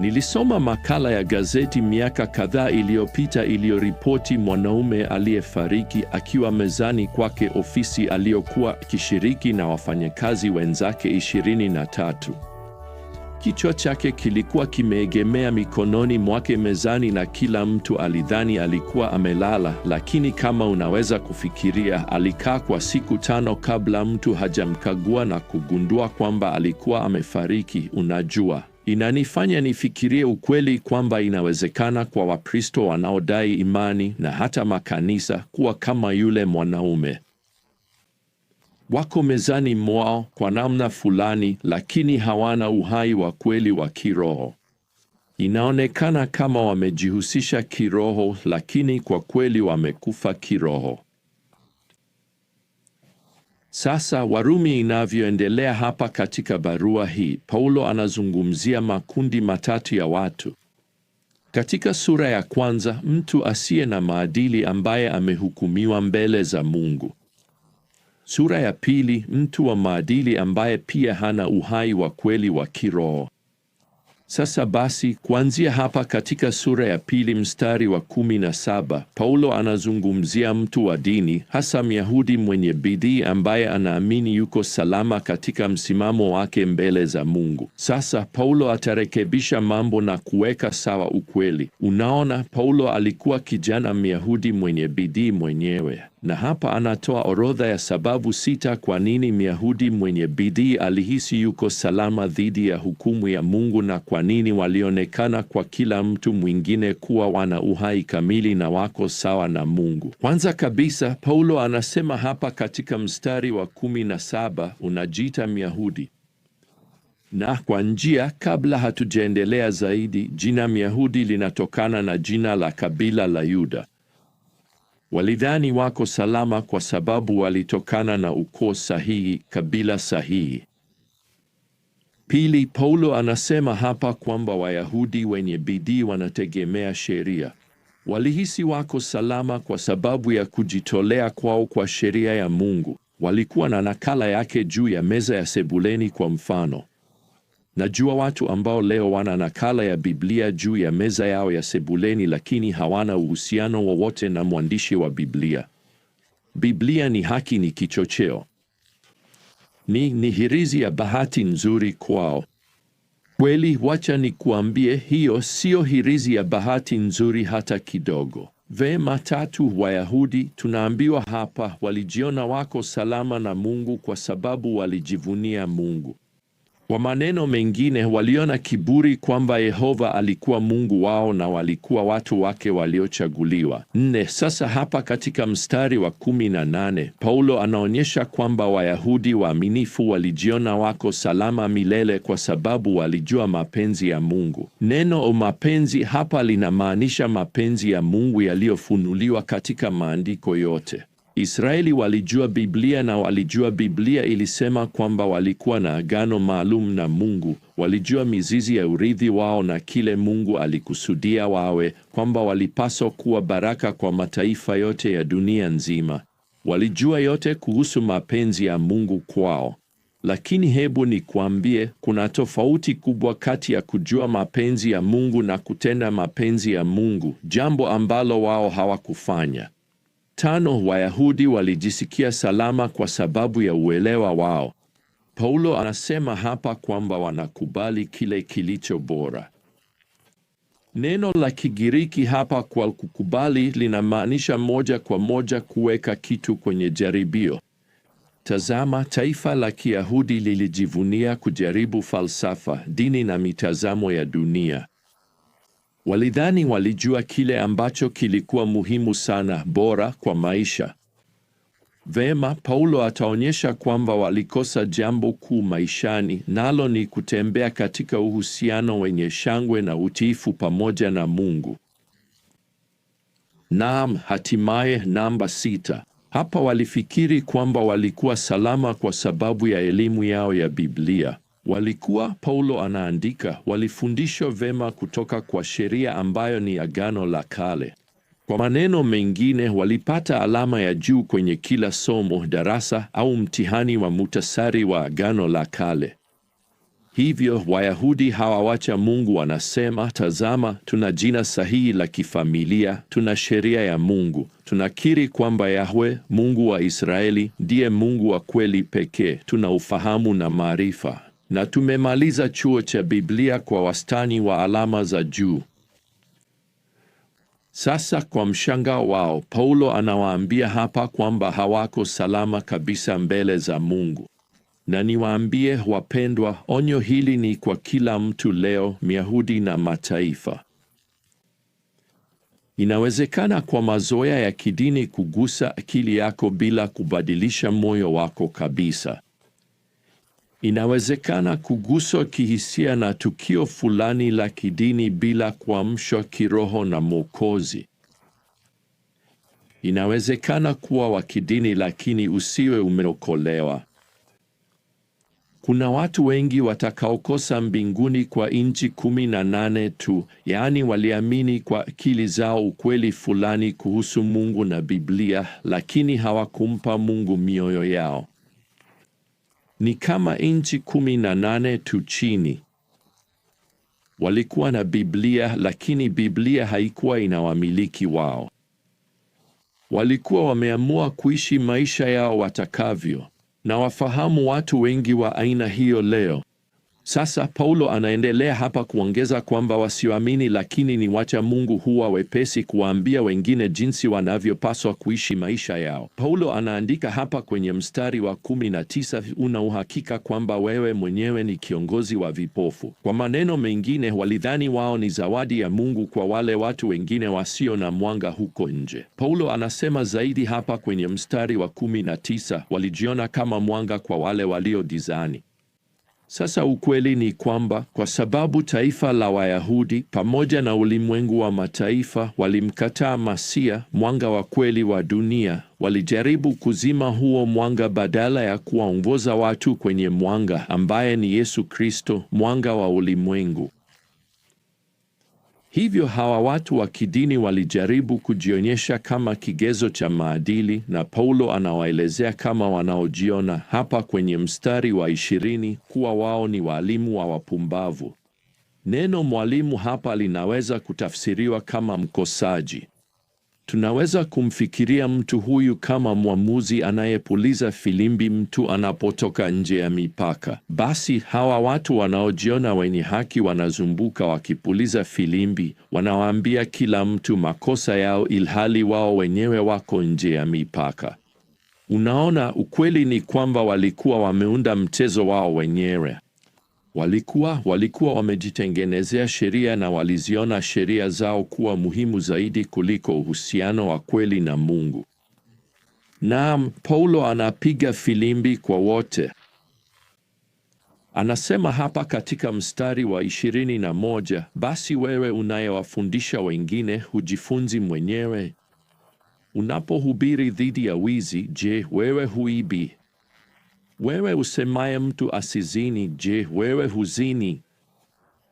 Nilisoma makala ya gazeti miaka kadhaa iliyopita iliyoripoti mwanaume aliyefariki akiwa mezani kwake ofisi aliyokuwa akishiriki na wafanyakazi wenzake 23. Kichwa chake kilikuwa kimeegemea mikononi mwake mezani na kila mtu alidhani alikuwa amelala, lakini kama unaweza kufikiria, alikaa kwa siku tano kabla mtu hajamkagua na kugundua kwamba alikuwa amefariki. Unajua, inanifanya nifikirie ukweli kwamba inawezekana kwa Wakristo wanaodai imani na hata makanisa kuwa kama yule mwanaume. Wako mezani mwao kwa namna fulani, lakini hawana uhai wa kweli wa kiroho. Inaonekana kama wamejihusisha kiroho, lakini kwa kweli wamekufa kiroho. Sasa Warumi inavyoendelea hapa katika barua hii, Paulo anazungumzia makundi matatu ya watu. Katika sura ya kwanza, mtu asiye na maadili ambaye amehukumiwa mbele za Mungu. Sura ya pili, mtu wa maadili ambaye pia hana uhai wa kweli wa kiroho. Sasa basi kuanzia hapa katika sura ya pili mstari wa kumi na saba Paulo anazungumzia mtu wa dini, hasa Myahudi mwenye bidii ambaye anaamini yuko salama katika msimamo wake mbele za Mungu. Sasa Paulo atarekebisha mambo na kuweka sawa ukweli. Unaona, Paulo alikuwa kijana Myahudi mwenye bidii mwenyewe na hapa anatoa orodha ya sababu sita kwa nini Myahudi mwenye bidii alihisi yuko salama dhidi ya hukumu ya Mungu na kwa nini walionekana kwa kila mtu mwingine kuwa wana uhai kamili na wako sawa na Mungu. Kwanza kabisa, Paulo anasema hapa katika mstari wa kumi na saba, unajiita Myahudi na kwa njia, kabla hatujaendelea zaidi, jina Myahudi linatokana na jina la kabila la Yuda Walidhani wako salama kwa sababu walitokana na ukoo sahihi, kabila sahihi. Pili, Paulo anasema hapa kwamba Wayahudi wenye bidii wanategemea sheria. Walihisi wako salama kwa sababu ya kujitolea kwao kwa sheria ya Mungu. Walikuwa na nakala yake juu ya meza ya sebuleni, kwa mfano. Najua watu ambao leo wana nakala ya Biblia juu ya meza yao ya sebuleni, lakini hawana uhusiano wowote na mwandishi wa Biblia. Biblia ni haki, ni kichocheo, ni ni hirizi ya bahati nzuri kwao. Kweli, wacha nikuambie, hiyo siyo hirizi ya bahati nzuri hata kidogo. Vema tatu, Wayahudi tunaambiwa hapa, walijiona wako salama na Mungu kwa sababu walijivunia Mungu. Kwa maneno mengine, waliona kiburi kwamba Yehova alikuwa Mungu wao na walikuwa watu wake waliochaguliwa. Nne. Sasa hapa katika mstari wa kumi na nane Paulo anaonyesha kwamba Wayahudi waaminifu walijiona wako salama milele kwa sababu walijua mapenzi ya Mungu. Neno mapenzi hapa linamaanisha mapenzi ya Mungu yaliyofunuliwa katika maandiko yote. Israeli walijua Biblia na walijua Biblia ilisema kwamba walikuwa na agano maalum na Mungu. Walijua mizizi ya urithi wao na kile Mungu alikusudia wawe, kwamba walipaswa kuwa baraka kwa mataifa yote ya dunia nzima. Walijua yote kuhusu mapenzi ya Mungu kwao. Lakini hebu nikuambie, kuna tofauti kubwa kati ya kujua mapenzi ya Mungu na kutenda mapenzi ya Mungu, jambo ambalo wao hawakufanya. Tano, Wayahudi walijisikia salama kwa sababu ya uelewa wao. Paulo anasema hapa kwamba wanakubali kile kilicho bora. Neno la Kigiriki hapa kwa kukubali linamaanisha moja kwa moja kuweka kitu kwenye jaribio. Tazama, taifa la Kiyahudi lilijivunia kujaribu falsafa, dini na mitazamo ya dunia. Walidhani walijua kile ambacho kilikuwa muhimu sana, bora kwa maisha. Vema, Paulo ataonyesha kwamba walikosa jambo kuu maishani, nalo ni kutembea katika uhusiano wenye shangwe na utiifu pamoja na Mungu. Naam, hatimaye namba sita. Hapa walifikiri kwamba walikuwa salama kwa sababu ya elimu yao ya Biblia walikuwa, Paulo anaandika, walifundishwa vema kutoka kwa sheria ambayo ni Agano la Kale. Kwa maneno mengine, walipata alama ya juu kwenye kila somo, darasa au mtihani wa mutasari wa Agano la Kale. Hivyo Wayahudi hawawacha Mungu, wanasema, tazama, tuna jina sahihi la kifamilia, tuna sheria ya Mungu, tunakiri kwamba Yahwe Mungu wa Israeli ndiye Mungu wa kweli pekee, tuna ufahamu na maarifa na tumemaliza chuo cha Biblia kwa wastani wa alama za juu. Sasa kwa mshangao wao, Paulo anawaambia hapa kwamba hawako salama kabisa mbele za Mungu. Na niwaambie wapendwa, onyo hili ni kwa kila mtu leo, Myahudi na mataifa. Inawezekana kwa mazoea ya kidini kugusa akili yako bila kubadilisha moyo wako kabisa. Inawezekana kuguswa kihisia na tukio fulani la kidini bila kuamshwa kiroho na Mwokozi. Inawezekana kuwa wa kidini lakini usiwe umeokolewa. Kuna watu wengi watakaokosa mbinguni kwa inchi kumi na nane tu, yaani waliamini kwa akili zao ukweli fulani kuhusu Mungu na Biblia, lakini hawakumpa Mungu mioyo yao ni kama nchi kumi na nane tu chini. Walikuwa na Biblia, lakini Biblia haikuwa inawamiliki wao. Walikuwa wameamua kuishi maisha yao watakavyo, na wafahamu watu wengi wa aina hiyo leo. Sasa Paulo anaendelea hapa kuongeza kwamba wasioamini lakini ni wacha Mungu huwa wepesi kuwaambia wengine jinsi wanavyopaswa kuishi maisha yao. Paulo anaandika hapa kwenye mstari wa kumi na tisa, una uhakika kwamba wewe mwenyewe ni kiongozi wa vipofu. Kwa maneno mengine, walidhani wao ni zawadi ya Mungu kwa wale watu wengine wasio na mwanga huko nje. Paulo anasema zaidi hapa kwenye mstari wa kumi na tisa, walijiona kama mwanga kwa wale walio gizani. Sasa ukweli ni kwamba kwa sababu taifa la Wayahudi pamoja na ulimwengu wa mataifa walimkataa Masia, mwanga wa kweli wa dunia, walijaribu kuzima huo mwanga badala ya kuwaongoza watu kwenye mwanga ambaye ni Yesu Kristo, mwanga wa ulimwengu. Hivyo hawa watu wa kidini walijaribu kujionyesha kama kigezo cha maadili, na Paulo anawaelezea kama wanaojiona hapa kwenye mstari wa ishirini kuwa wao ni waalimu wa wapumbavu. Neno mwalimu hapa linaweza kutafsiriwa kama mkosaji. Tunaweza kumfikiria mtu huyu kama mwamuzi anayepuliza filimbi mtu anapotoka nje ya mipaka. Basi hawa watu wanaojiona wenye haki wanazumbuka wakipuliza filimbi, wanawaambia kila mtu makosa yao, ilhali wao wenyewe wako nje ya mipaka. Unaona, ukweli ni kwamba walikuwa wameunda mchezo wao wenyewe. Walikuwa walikuwa wamejitengenezea sheria na waliziona sheria zao kuwa muhimu zaidi kuliko uhusiano wa kweli na Mungu. Naam, Paulo anapiga filimbi kwa wote. Anasema hapa katika mstari wa ishirini na moja, basi wewe unayewafundisha wengine hujifunzi mwenyewe. Unapohubiri dhidi ya wizi, je, wewe huibi? wewe usemaye mtu asizini, je, wewe huzini?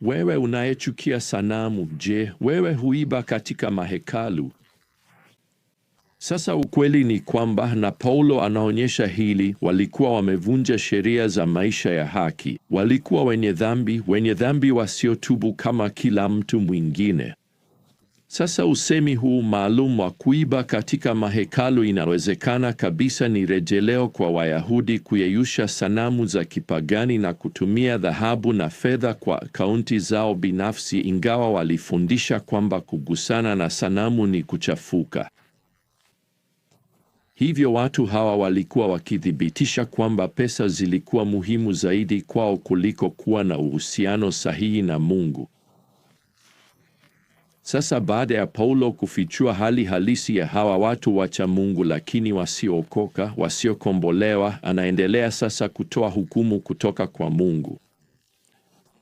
Wewe unayechukia sanamu, je, wewe huiba katika mahekalu? Sasa ukweli ni kwamba, na Paulo anaonyesha hili, walikuwa wamevunja sheria za maisha ya haki. Walikuwa wenye dhambi, wenye dhambi wasiotubu kama kila mtu mwingine. Sasa usemi huu maalum wa kuiba katika mahekalu inawezekana kabisa ni rejeleo kwa Wayahudi kuyeyusha sanamu za kipagani na kutumia dhahabu na fedha kwa akaunti zao binafsi, ingawa walifundisha kwamba kugusana na sanamu ni kuchafuka. Hivyo watu hawa walikuwa wakithibitisha kwamba pesa zilikuwa muhimu zaidi kwao kuliko kuwa na uhusiano sahihi na Mungu. Sasa baada ya Paulo kufichua hali halisi ya hawa watu wacha Mungu lakini wasiookoka, wasiokombolewa, anaendelea sasa kutoa hukumu kutoka kwa Mungu.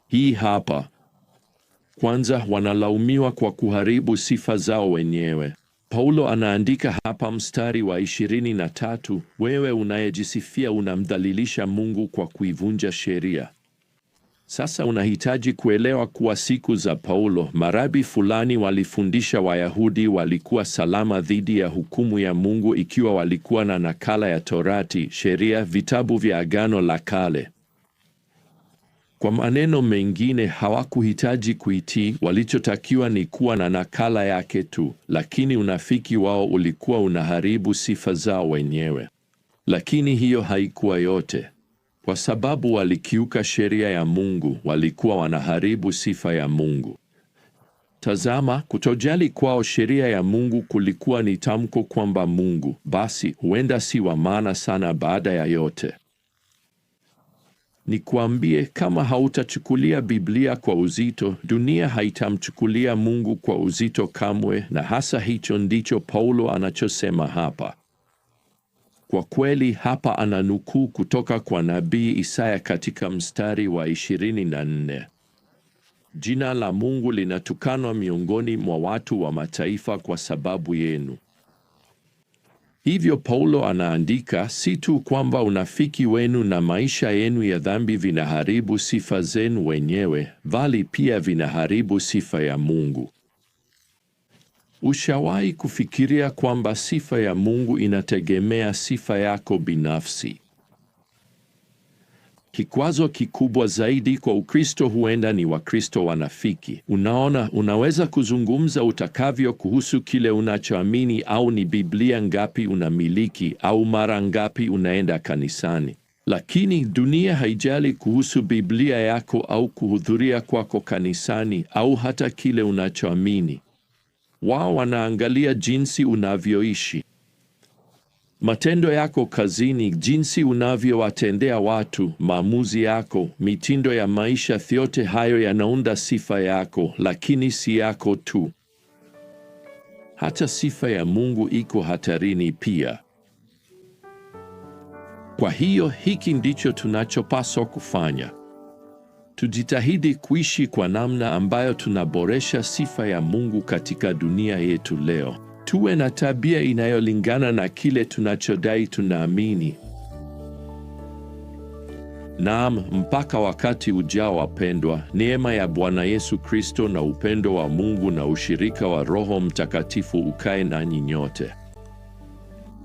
Hii hapa. Kwanza, wanalaumiwa kwa kuharibu sifa zao wenyewe. Paulo anaandika hapa mstari wa na tatu wewe unayejisifia unamdhalilisha Mungu kwa kuivunja sheria. Sasa unahitaji kuelewa kuwa siku za Paulo, marabi fulani walifundisha Wayahudi walikuwa salama dhidi ya hukumu ya Mungu ikiwa walikuwa na nakala ya Torati, sheria, vitabu vya Agano la Kale. Kwa maneno mengine, hawakuhitaji kuitii, walichotakiwa ni kuwa na nakala yake tu, lakini unafiki wao ulikuwa unaharibu sifa zao wenyewe. Lakini hiyo haikuwa yote. Kwa sababu walikiuka sheria ya Mungu, walikuwa wanaharibu sifa ya Mungu. Tazama, kutojali kwao sheria ya Mungu kulikuwa ni tamko kwamba Mungu basi huenda si wa maana sana baada ya yote. Nikwambie, kama hautachukulia Biblia kwa uzito, dunia haitamchukulia Mungu kwa uzito kamwe, na hasa hicho ndicho Paulo anachosema hapa. Kwa kweli hapa ananukuu kutoka kwa nabii Isaya katika mstari wa 24. Jina la Mungu linatukanwa miongoni mwa watu wa mataifa kwa sababu yenu. Hivyo Paulo anaandika si tu kwamba unafiki wenu na maisha yenu ya dhambi vinaharibu sifa zenu wenyewe, bali pia vinaharibu sifa ya Mungu. Ushawahi kufikiria kwamba sifa ya Mungu inategemea sifa yako binafsi? Kikwazo kikubwa zaidi kwa Ukristo huenda ni Wakristo wanafiki. Unaona, unaweza kuzungumza utakavyo kuhusu kile unachoamini au ni Biblia ngapi unamiliki au mara ngapi unaenda kanisani, lakini dunia haijali kuhusu Biblia yako au kuhudhuria kwako kanisani au hata kile unachoamini. Wao wanaangalia jinsi unavyoishi, matendo yako kazini, jinsi unavyowatendea watu, maamuzi yako, mitindo ya maisha, yote hayo yanaunda sifa yako, lakini si yako tu. Hata sifa ya Mungu iko hatarini pia. Kwa hiyo hiki ndicho tunachopaswa kufanya tujitahidi kuishi kwa namna ambayo tunaboresha sifa ya Mungu katika dunia yetu leo. Tuwe na tabia inayolingana na kile tunachodai tunaamini. Naam, mpaka wakati ujao, wapendwa, neema ya Bwana Yesu Kristo na upendo wa Mungu na ushirika wa Roho Mtakatifu ukae nanyi nyote.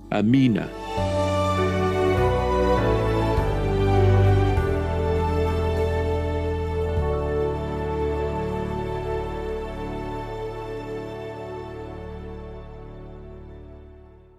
Amina.